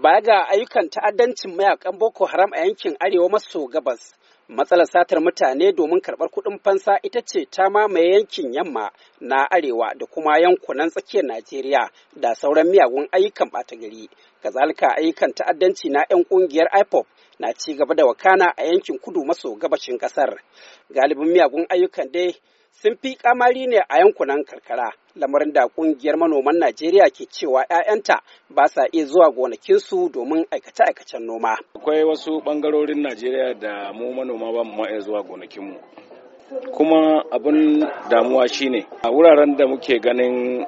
Baya ga ayyukan ta'addancin mayakan Boko Haram a yankin Arewa maso gabas, matsalar satar mutane domin karɓar kuɗin fansa ita ce ta mamaye yankin yamma na arewa da kuma yankunan tsakiyar najeriya da sauran miyagun ayyukan ɓata gari kazalika ayyukan ta'addanci na 'yan ƙungiyar ipop na ci gaba da wakana a yankin kudu maso gabashin ƙasar galibin miyagun ayyukan dai sun fi kamari ne a yankunan karkara lamarin da kungiyar manoman Najeriya ke cewa 'ya'yanta ba sa iya zuwa gonakinsu domin aikace-aikacen noma. Akwai wasu bangarorin Najeriya da mu manoma ba mu iya zuwa gonakinmu. Kuma abin damuwa shine a wuraren da muke ganin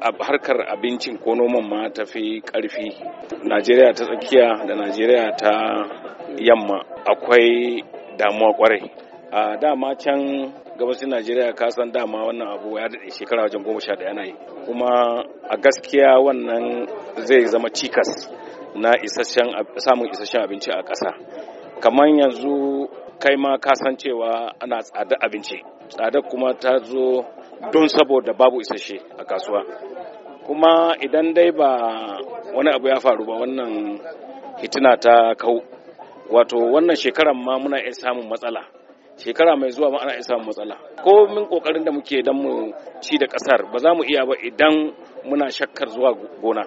harkar abincin ko noman ma ta fi ƙarfi. Najeriya ta tsakiya da Najeriya ta yamma akwai damuwa kwarai. A dama can gabashin najeriya ka san dama wannan abu ya daɗe shekara wajen goma sha ɗaya na yi kuma a gaskiya wannan zai zama cikas na samun isasshen abinci a ƙasa kamar yanzu kai ma ka san cewa ana tsada abinci tsada kuma ta zo don saboda babu isasshe a kasuwa kuma idan dai ba wani abu ya faru ba wannan hitina ta kau wato wannan shekaran ma muna iya samun matsala shekara mai zuwa ma ana iya matsala ko min kokarin da muke dan mu ci da kasar ba za mu iya ba idan muna shakkar zuwa gona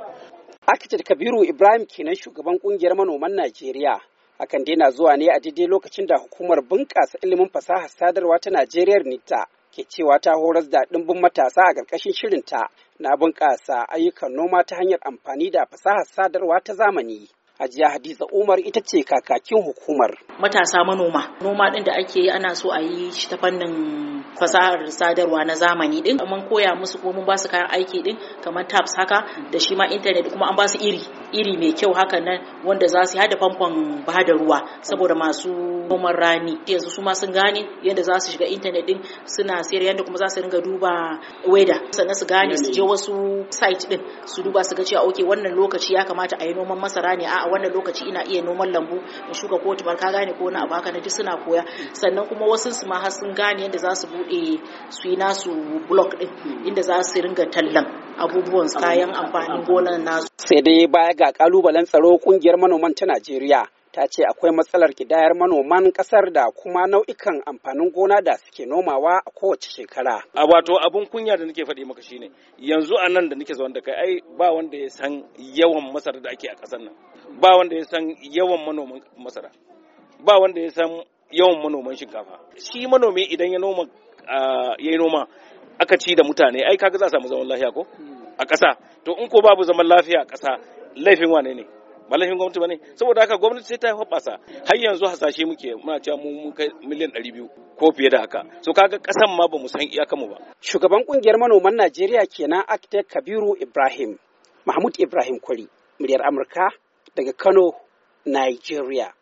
Architect Kabiru Ibrahim kenan shugaban kungiyar manoman Najeriya hakan dai na zuwa ne a daidai lokacin da hukumar bunƙasa ilimin fasahar sadarwa ta Najeriya NITA ke cewa ta horas da ɗimbin matasa a ƙarƙashin shirinta na bunƙasa ayyukan noma ta hanyar amfani da fasahar sadarwa ta zamani. Hajiya Hadiza Umar ita ce kakakin hukumar. Matasa manoma, noma ɗin da ake yi ana so a yi shi ta fannin fasahar sadarwa na zamani ɗin. Mun koya musu kuma mun ba su kayan aiki ɗin kamar tabs haka da shi ma intanet kuma an ba su iri, iri mai kyau haka nan wanda za su hada famfon ba da ruwa saboda masu noman rani. Yanzu su ma sun gane yadda za su shiga intanet ɗin suna sayar yadda kuma za su ringa duba weda sannan su gane su je wasu site ɗin su duba su ga cewa oke. wannan lokaci ya kamata a yi noman masara ne a'a wannan lokaci ina iya noman lambu in shuka ko tumar ka gane ko na abu haka na ji suna koya sannan kuma wasu su ma har sun gane yadda za su bude su yi nasu blog din inda za su ringa tallan abubuwan kayan amfanin gonan nasu sai dai baya ga kalubalen tsaro kungiyar manoman ta Najeriya ta ce akwai matsalar kidayar manoman kasar da kuma nau'ikan amfanin gona da suke nomawa a kowace shekara. A wato abun kunya da nake faɗi maka shine yanzu a nan da nake zaune da kai ai ba wanda ya san yawan masara da ake a ƙasar nan ba wanda ya san yawan manoman masara ba wanda ya san yawan manoman shinkafa shi manomi idan ya noma ya noma aka ci da mutane ai kaga za a samu zaman lafiya ko hmm. a ƙasa to in ko babu zaman lafiya a ƙasa laifin wane ne ba laifin gwamnati ba ne saboda haka gwamnati sai ta yi hoɓasa har yanzu hasashe muke muna cewa mu mun kai miliyan ɗari biyu ko fiye da haka so kaga kasan ma bamu san san mu ba. shugaban kungiyar manoman najeriya kenan architect kabiru ibrahim mahmud ibrahim kwari muryar amurka daga kano nigeria.